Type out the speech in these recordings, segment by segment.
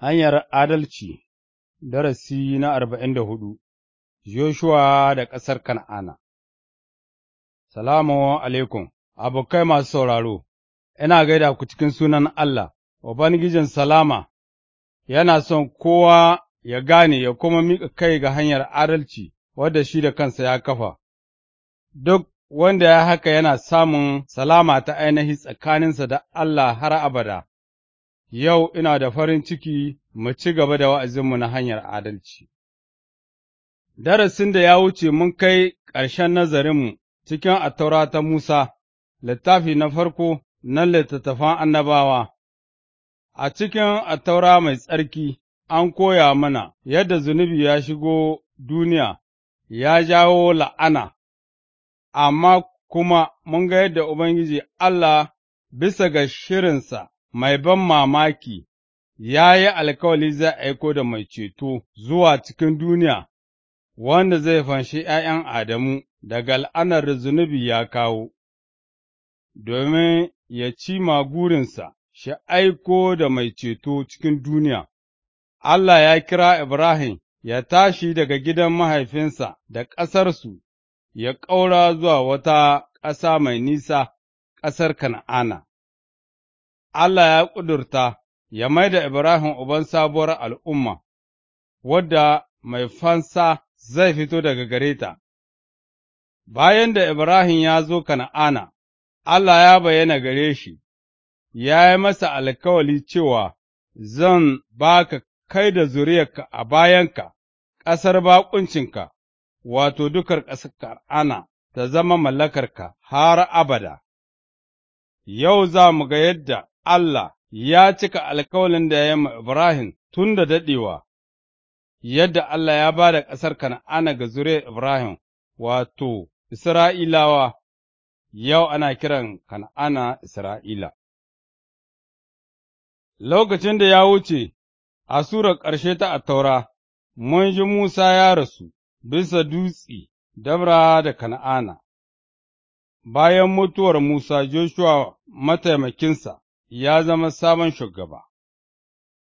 Hanyar Adalci Darasi na arba'in da hudu Joshua da ƙasar Kan'ana Salamu alaikum, abokai masu sauraro, ina gaida ku cikin sunan Allah, Ubangijin Salama, yana son kowa ya gane ya kuma miƙa kai ga hanyar adalci wadda shi da kansa ya kafa, duk wanda ya haka yana samun salama ta ainihi tsakaninsa da Allah har abada. yau ina da farin ciki mu ci gaba da wa'azinmu na hanyar adalci. Darasin da ya wuce mun kai ƙarshen nazarinmu cikin attaura ta Musa, littafi na farko na littattafan annabawa. A cikin attaura mai tsarki an koya mana yadda zunubi ya shigo duniya ya jawo la'ana, amma kuma mun ga yadda Ubangiji Allah bisa ga shirinsa mai ban mamaki, ya yi alkawali zai aiko da mai ceto zuwa cikin duniya, wanda zai fanshi ’ya'yan Adamu daga la'anar zunubi ya kawo, domin ya ci magurinsa shi aiko da mai ceto cikin duniya. Allah ya kira Ibrahim ya tashi daga gidan mahaifinsa da ƙasarsu, ya ƙaura zuwa wata ƙasa mai nisa, ƙasar Kana'ana. Allah ya ƙudurta ya mai da Ibrahim uban sabuwar al'umma, wadda mai fansa zai fito daga gare ta. Bayan da Ibrahim ya zo Kana'ana, Allah ya bayyana gare shi, ya yi masa alkawali cewa zan baka kai da zuriyarka a bayanka, ƙasar baƙuncinka, wato dukar ƙasar Kana'ana ta zama mallakarka har abada. Yau za mu ga yadda Allah ya cika alkawalin da ya yi ma Ibrahim tun da daɗewa, yadda Allah ya ba da ƙasar Kana'ana ga zuriyar Ibrahim, wato, Isra'ilawa, yau ana kiran Kana'ana Isra'ila. Lokacin da ya wuce, a sura ƙarshe ta Attaura, mun ji Musa ya rasu bisa dutse, dabra da kan'ana. Bayan mutuwar Musa, Joshua mataimakinsa ya zama sabon shugaba.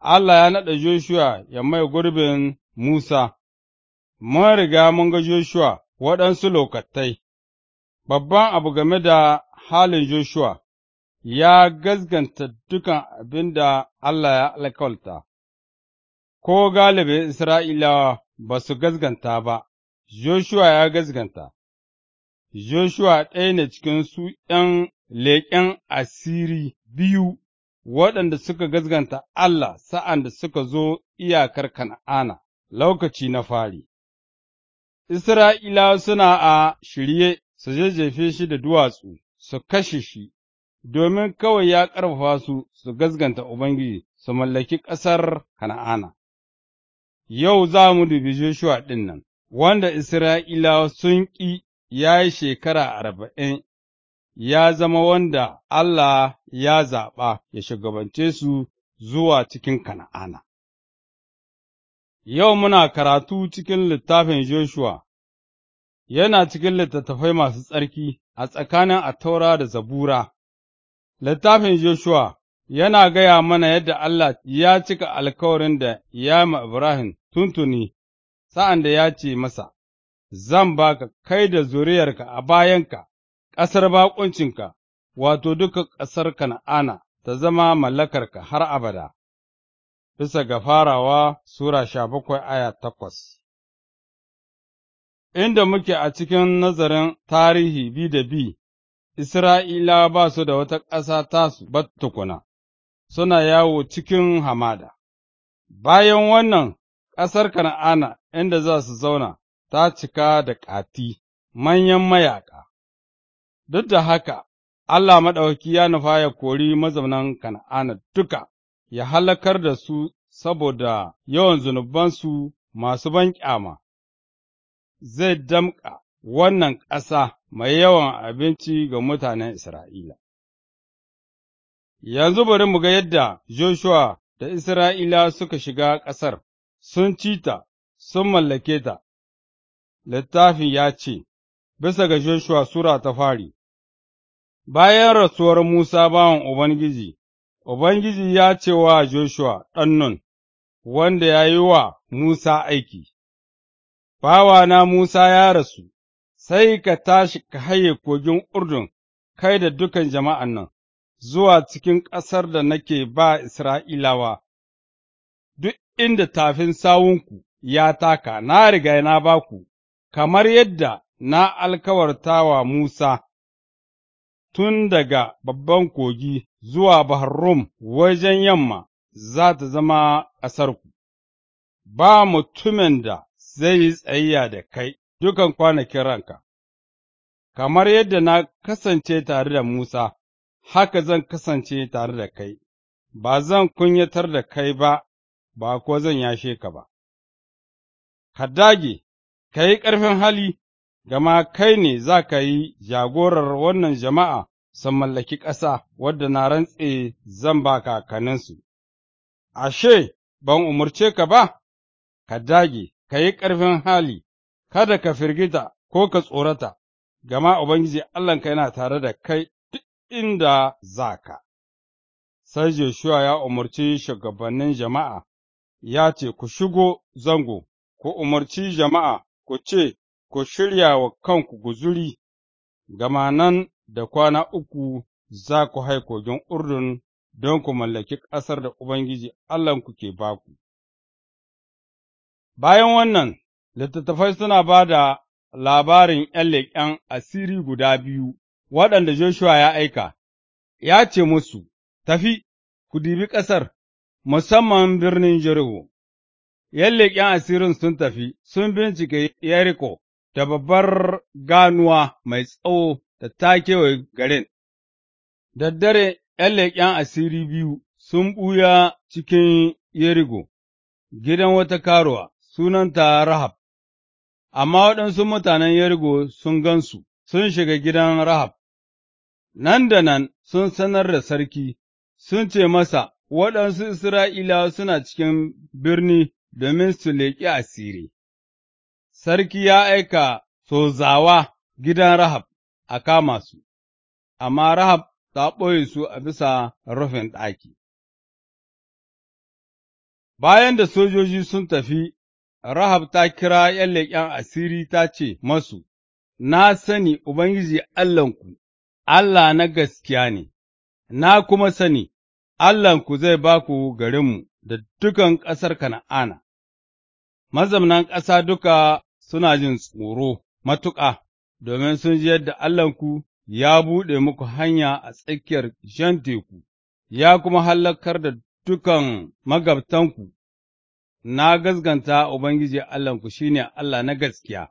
Allah ya naɗa Joshua ya mai gurbin Musa, mun riga mun ga Joshua waɗansu lokatai, babban abu game da halin Joshua ya gazganta dukan abin da Allah ya alkalta, ko galibi Isra'ilawa ba su gazganta ba, Joshua ya gazganta, Joshua ɗaya ne cikin su ’yan leƙen asiri biyu waɗanda suka gazganta Allah sa'an da suka zo iyakar Kan'ana, lokaci na fari. Isra'ilawa suna a shirye su jajjefe shi da duwatsu, su kashe shi, domin kawai ya ƙarfafa su su gazganta Ubangiji su mallaki ƙasar kan'ana Yau za mu dubi Joshua ɗin nan, wanda Isra'ilawa sun ƙi ya yi shekara arba'in ya zama wanda Allah ya zaɓa ya shugabance su zuwa cikin Kana'ana. Yau muna karatu cikin littafin Joshua, yana cikin littattafai masu tsarki a tsakanin Attaura da Zabura. Littafin Joshua yana gaya mana yadda Allah ya cika alkawarin da ya ma Ibrahim tuntuni, sa'an da ya ce masa, Zan baka kai da zuriyarka a bayanka, ƙasar baƙuncinka, wato duka ƙasar Kana'ana, ta zama mallakarka har abada, bisa ga farawa Sura sha bakwai aya takwas. Inda muke a cikin nazarin tarihi bi da bi, Isra'ila ba su da wata ƙasa tasu ba tukuna, suna yawo cikin hamada. Bayan wannan, ƙasar Kana'ana inda za su zauna ta cika da ƙati, manyan mayaƙa. duk da haka Allah maɗauki ya nufa ya kori mazaunan kan'ana duka, ya halakar da su saboda yawan zunubansu masu banƙyama, zai damƙa wannan ƙasa mai yawan abinci ga mutanen Isra'ila. Yanzu bari mu ga yadda Joshua da Isra'ila suka shiga ƙasar, sun ci ta, sun mallake ta, littafin ya ce, bisa ga Joshua Sura ta fari. Bayan rasuwar Musa bawan Ubangiji, Ubangiji ya ce wa Joshua ɗan Nun, wanda ya yi wa Musa aiki, Bawa na Musa ya rasu, sai ka tashi ka haye kogin Urdun, kai da dukan jama'an nan, zuwa cikin ƙasar da nake ba Isra'ilawa, duk inda tafin sawunku ya taka, na riga na baku, kamar yadda na alkawarta wa Musa. tun daga babban kogi zuwa Bahar Rum wajen yamma za ta zama ƙasarku, ba mutumin da zai yi tsayayya da kai dukan kwanakin ranka, kamar yadda na kasance tare da Musa, haka zan kasance tare da kai, ba zan kunyatar da kai ba, ba kuwa zan yashe ka ba. Ka dage, ka yi ƙarfin hali, gama kai ne za ka yi jagorar wannan jama'a sun mallaki ƙasa wadda na rantse zan ba kakanninsu. Ashe, ban umarce ka ba, ka dage, ka yi ƙarfin hali, kada ka firgita ko ka tsorata, gama Ubangiji Allahnka yana tare da kai duk inda za ka. Sai Joshua ya umarci shugabannin jama'a, ya ce, Ku shigo zango, ku umarci jama'a, ku ce, ku shirya wa kanku guzuri, gama nan da kwana uku za ku hai Urdun don ku mallaki ƙasar da Ubangiji Allahnku ke baku. Bayan wannan, littattafai suna ba da labarin ’yan leƙen asiri guda biyu waɗanda Joshua ya aika, ya ce musu, Tafi, ku dibi ƙasar, musamman birnin Jericho. ’Yan leƙen asirin sun tafi, sun bincike Yeriko, da babbar ganuwa mai tsawo da ta kewaye garin. Daddare ’yan leƙen asiri biyu sun ɓuya cikin Yerigo, gidan wata karuwa, sunanta Rahab, amma waɗansu mutanen Yerigo sun gansu, sun shiga gidan Rahab, nan da nan sun sanar da sarki, sun ce masa, waɗansu Isra'ila suna cikin birni domin su leƙi asiri. sarki ya aika sozawa gidan Rahab a kama su, amma Rahab ta ɓoye su a bisa rufin ɗaki. Bayan da sojoji sun tafi, Rahab ta kira ’yan leƙen asiri ta ce masu, Na sani Ubangiji Allahnku, Allah na gaskiya ne, na kuma sani Allahnku zai ba ku garinmu da dukan ƙasar Kana'ana, mazamnan ƙasa duka suna jin tsoro matuƙa, domin sun ji yadda Allahnku ya buɗe muku hanya a tsakiyar shan teku, ya kuma hallakar da dukan magabtanku, na gaskanta Ubangiji Allahnku shi ne Allah na gaskiya,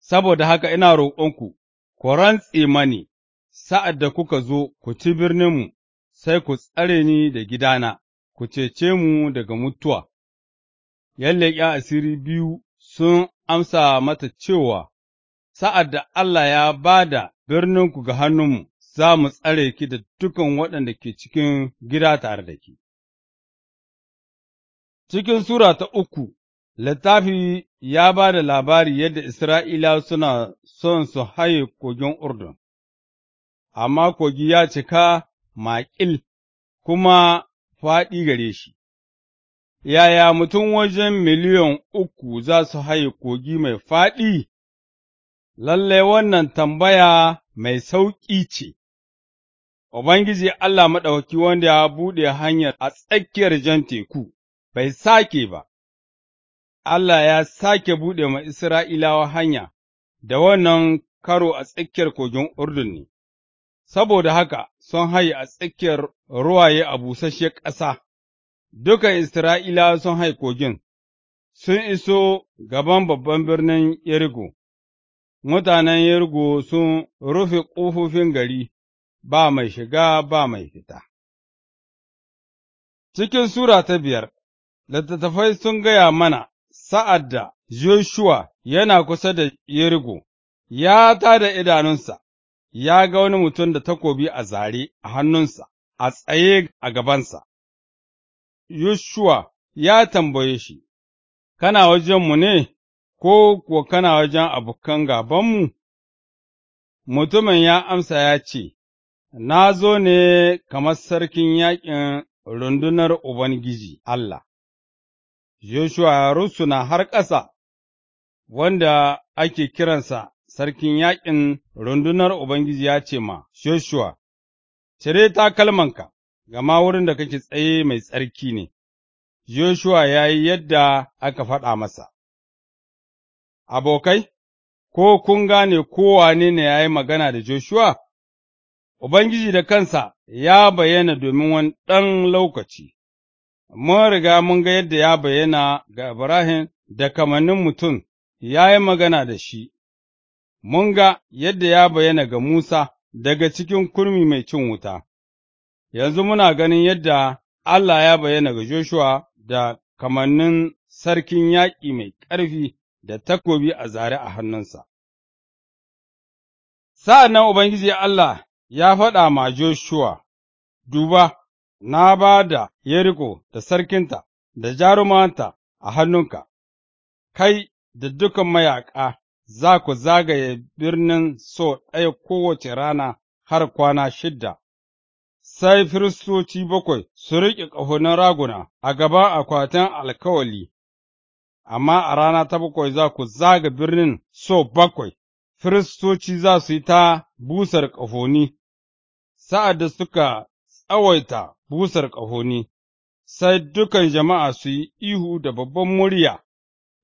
saboda haka ina roƙonku, ku rantse mani, sa'ad da kuka zo ku ci birninmu, sai ku tsare ni da gidana, ku cece mu daga mutuwa. Ya asiri biyu sun amsa mata cewa, Sa'ad da Allah ya ba da birninku ga hannunmu, za mu tsare ki da dukan waɗanda ke cikin gida tare da ki. Cikin Sura ta uku, littafi ya ba da labari yadda Isra'ila suna son su haye kogin Urdun, amma kogi ya cika maƙil kuma faɗi gare shi, yaya mutum wajen miliyan uku za su haye kogi mai faɗi? Lallai wannan tambaya mai sauƙi ce, Ubangiji Allah Maɗauki wanda ya buɗe hanyar a tsakiyar jan teku, bai sake ba, Allah ya sake buɗe ma Isra'ilawa hanya, da wannan karo a tsakiyar kogin Urdun ne, saboda haka sun haye a tsakiyar ruwaye a busasshe ƙasa. dukan Isra'ila sun haikogin kogin, sun iso gaban babban birnin Yerigo, mutanen Yerigo sun rufe ƙofofin gari, ba mai shiga ba mai fita. Cikin Sura ta biyar, littattafai sun gaya mana sa'ad da Joshua yana kusa da Yerigo, ya ta da idanunsa, ya ga wani mutum da takobi a zare a hannunsa, a tsaye a gabansa. yoshua ya tambaye shi, Kana wajenmu ne, ko kuwa kana wajen abokan gabanmu? Mutumin ya amsa ya ce, Na zo ne kamar sarkin yaƙin rundunar Ubangiji Allah. Yoshua ya rusuna har ƙasa, wanda ake kiransa sarkin yaƙin rundunar Ubangiji ya ce ma, Yoshua, cire takalmanka, gama wurin da kake tsaye mai tsarki ne, Joshua ya yi yadda aka faɗa masa. Abokai, ko kun gane kowane ne ya yi magana da Joshua? Ubangiji da kansa ya bayyana domin wani ɗan lokaci, mun riga mun ga yadda ya bayyana ga Ibrahim da kamannin mutum ya yi magana da shi, mun ga yadda ya bayyana ga Musa daga cikin kurmi mai cin wuta, Yanzu muna ganin yadda Allah ya bayyana ga Joshua da kamannin sarkin yaƙi mai ƙarfi da takobi a zare a hannunsa. Sa'an nan Ubangiji Allah ya faɗa ma Joshua, Duba, na ba da Yeriko da sarkinta da jarumanta a hannunka, kai da dukan mayaƙa za ku zagaye birnin so ɗaya kowace rana har kwana shidda. sai firistoci bakwai su riƙe ƙahonin raguna a gaban akwatin alkawali, amma a rana ta bakwai za ku zaga birnin so bakwai, firistoci za su yi ta busar ƙahoni, sa'ad da suka tsawaita busar ƙahoni, sai dukan jama'a su yi ihu da babban murya,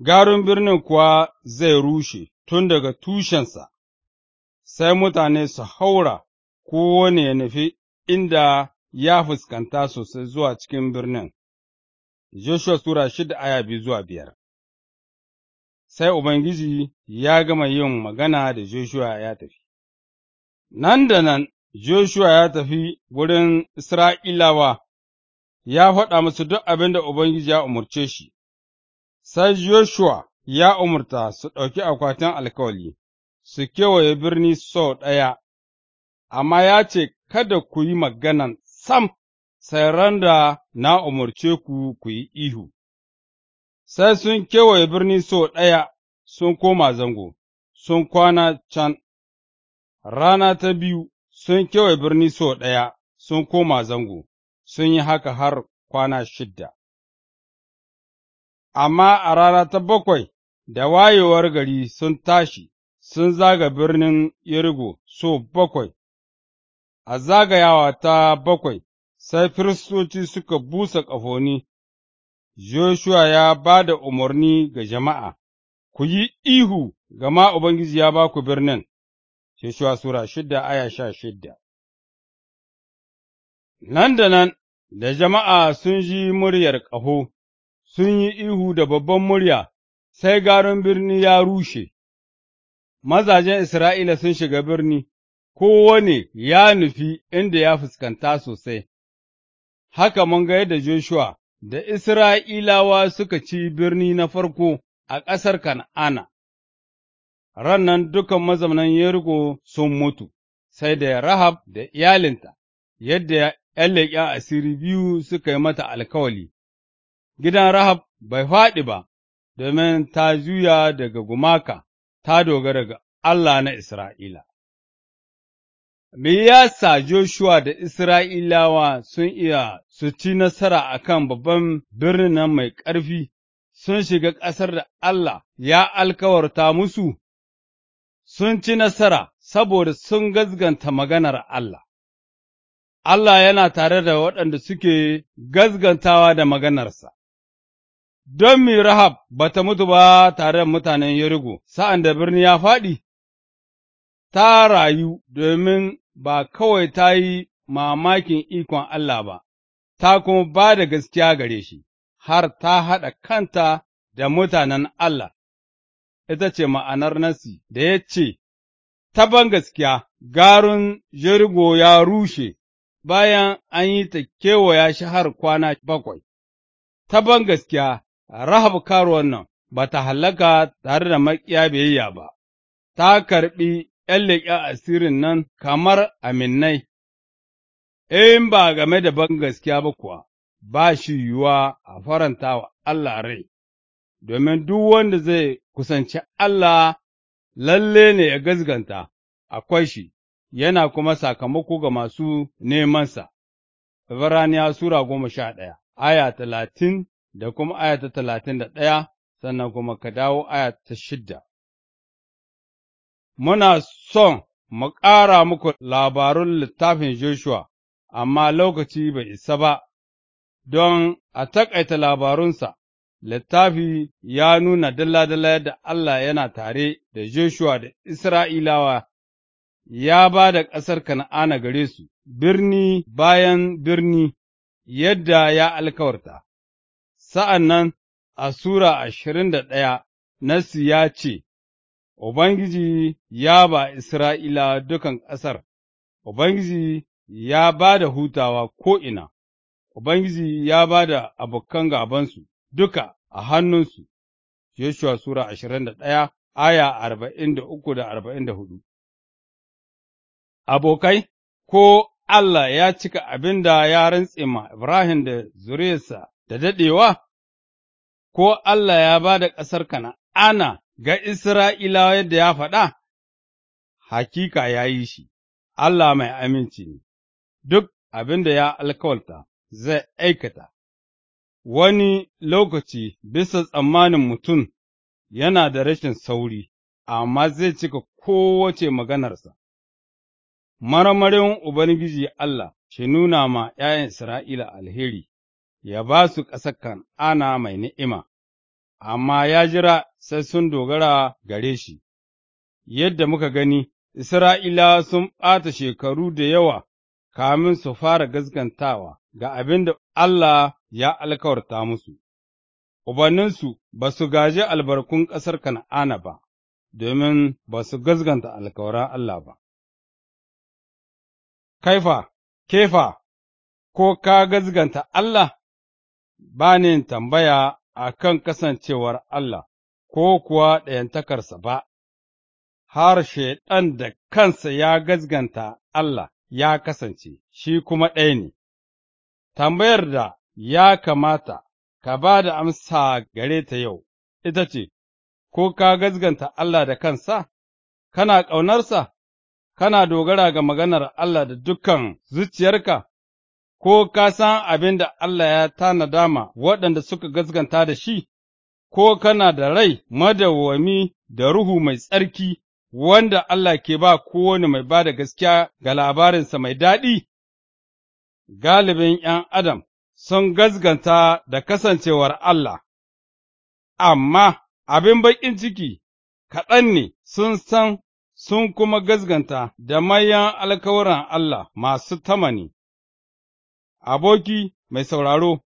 garin birnin kuwa zai rushe tun daga tushensa, sai mutane su haura kowane ya nufi inda ya fuskanta sosai zuwa cikin birnin. Joshua Sura shida aya biyu zuwa biyar Sai Ubangiji ya gama yin magana da Joshua ya tafi. Nan da nan Joshua ya tafi wurin Isra'ilawa, ya faɗa musu duk abin da Ubangiji ya umarce shi, sai Joshua ya umarta su ɗauki akwatin alkawali, su kewaye birni sau ɗaya, amma ya ce kada ku yi maganan sam, sai randa na umarce ku ku yi ihu, sai sun kewaye birni sau ɗaya sun koma zango, sun kwana can, rana ta biyu sun kewaye birni sau ɗaya sun koma zango, sun yi haka har kwana shidda. Amma a rana ta bakwai da wayewar gari sun tashi, sun zaga birnin Yerigo so bakwai a zagayawa ta bakwai sai firistoci suka busa ƙahoni, Joshua ya ba da umarni ga jama'a, ku yi ihu gama Ubangiji ya ba ku birnin, Joshua Sura shida aya sha shida. Nan da nan da jama'a sun ji muryar ƙaho, sun yi ihu da babban murya, sai garin birni ya rushe, mazajen Isra'ila sun shiga birni, kowane ya nufi inda ya fuskanta sosai, haka mun ga yadda Joshua da Isra'ilawa suka ci birni na farko a ƙasar Kan'ana, Rannan nan dukan mazaunan Yeriko sun mutu, sai da Rahab da iyalinta, yadda ’yan leƙen asiri biyu suka yi mata alkawali, gidan Rahab bai faɗi ba, domin ta juya daga gumaka, ta dogara ga Allah na Isra'ila. Me yasa Joshua da Isra'ilawa sun iya su ci nasara a kan babban birnin nan mai ƙarfi, sun shiga ƙasar da Allah ya alkawarta musu? Sun ci nasara saboda sun gazganta maganar Allah. Allah yana tare da waɗanda suke gazgantawa da maganarsa. Don mi Rahab ba ta mutu ba tare da mutanen yorugu sa'an da birni ya faɗi? ta rayu domin ba kawai ta yi mamakin ikon Allah ba, ta kuma ba da gaskiya gare shi, har ta haɗa kanta da mutanen Allah, ita ce ma'anar nasi da ya ce, Ta ban gaskiya, garin jirgo ya rushe bayan an yi ta kewaya shi har kwana bakwai, ta ban gaskiya, Rahab karuwan nan ba ta hallaka tare da makiya biyayya ba, ta karɓi ’yan a asirin nan kamar aminai, in ba game da ban gaskiya ba kuwa, ba shi yiwuwa a faranta wa Allah rai, domin duk wanda zai kusanci Allah lalle ne ya gazganta, akwai shi, yana kuma sakamako ga masu nemansa. Ibraniya Sura goma sha ɗaya, aya talatin da kuma aya ta talatin da ɗaya, sannan kuma ka dawo aya ta shidda. muna son mu ƙara muku labarun littafin Joshua, amma lokaci bai isa ba, don a taƙaita labarunsa, littafi ya nuna dalla-dalla yadda Allah yana tare da Joshua da Isra'ilawa, ya ba da ƙasar Kana'ana gare su, birni bayan birni, yadda ya alkawarta. Sa'an nan, a Sura ashirin da ɗaya, Nassi ya ce, Ubangiji ya ba Isra'ila dukan ƙasar, Ubangiji ya ba da hutawa ko'ina, Ubangiji ya ba da abokan gabansu duka a hannunsu, Yeshuwa Sura ashirin da ɗaya, aya arba'in da uku da arba'in da hudu. Abokai, ko Allah ya cika abin da ya rantse ma Ibrahim da zuriyarsa da daɗewa, ko Allah ya ba da ƙasar Kana'ana ga Isra'ilawa yadda ya faɗa, hakika ya yi shi, Allah mai aminci ne, duk abin da ya alkawalta zai aikata, wani lokaci bisa tsammanin mutum yana da rashin sauri, amma zai cika kowace maganarsa. Marmarin Ubangiji Allah shi nuna ma ’ya'yan Isra'ila alheri, ya ba su ƙasar ana mai ni'ima. amma ya jira sai sun dogara gare shi, yadda muka gani, Isra'ila sun ɓata shekaru da yawa kamin su fara gaskantawa ga abin da Allah ya alkawarta musu, ubanninsu ba su gaji albarkun ƙasar Kan'ana ba, domin ba su gaskanta alkawaran Allah ba. Kaifa, kefa, ko ka gaskanta Allah? ba tambaya a kan kasancewar Allah, ko kuwa ɗayantakarsa ba, har Shaiɗan da kansa ya gazganta Allah ya kasance, shi kuma ɗaya ne. Tambayar da ya kamata ka ba da amsa gare ta yau, ita ce, Ko ka gazganta Allah da kansa, kana ƙaunarsa, kana dogara ga maganar Allah da dukan zuciyarka? ko ka san abin da Allah ya ta nadama waɗanda suka gaskanta da shi, ko kana da rai madawwami da ruhu mai tsarki wanda Allah ke ba kowane mai ba da gaskiya ga labarinsa mai daɗi? Galibin ’yan Adam sun gaskanta da kasancewar Allah, amma abin baƙin ciki kaɗan ne sun san sun kuma gaskanta da mayan alkawuran Allah masu tamani. aboki mai sauraro,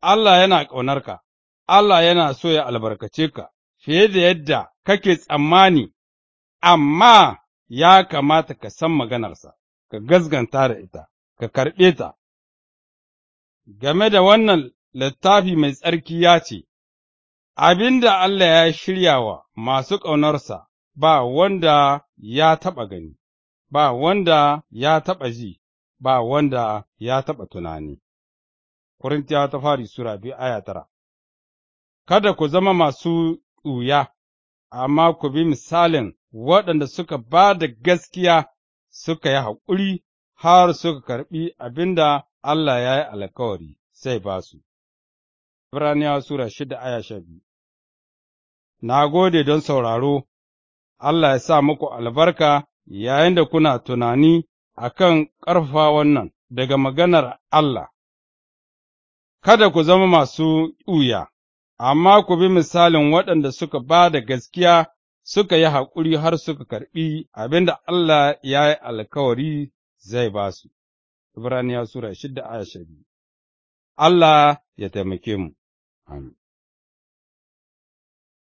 Allah yana ƙaunarka, Allah yana so ya albarkace ka fiye da yadda kake tsammani, amma ya kamata ka san maganarsa, ka gazganta da ita, ka karɓe ta. Game da wannan littafi mai tsarki ya ce, Abin da Allah ya shirya wa masu ƙaunarsa ba wanda ya taɓa gani, ba wanda ya taɓa ji, ba wanda ya taɓa tunani. Korintiyawa ta fari Sura biyu aya tara Kada ku zama masu ɗuya, amma ku bi misalin waɗanda suka ba da gaskiya suka yi haƙuri har suka karɓi abinda Allah ya yi alkawari sai ba su. Ibraniyawa Sura shida aya sha biyu Na gode don sauraro, Allah ya sa muku albarka yayin da kuna tunani a kan ƙarfafa wannan daga maganar Allah. Kada ku zama masu ƙuya, amma ku bi misalin waɗanda suka ba da gaskiya suka yi haƙuri har suka karɓi abin da Allah ya yi alkawari zai ba su. Ibraniya Sura shida aya Allah ya taimake mu. Amin.